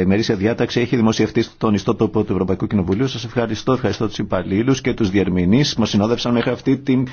ημερήσια διάταξη έχει δημοσιευτεί στον ιστότοπο του Ευρωπαϊκού Κοινοβουλίου. Σας ευχαριστώ, ευχαριστώ τους υπαλλήλους και τους διερμηνείς που μας συνόδευσαν μέχρι αυτή την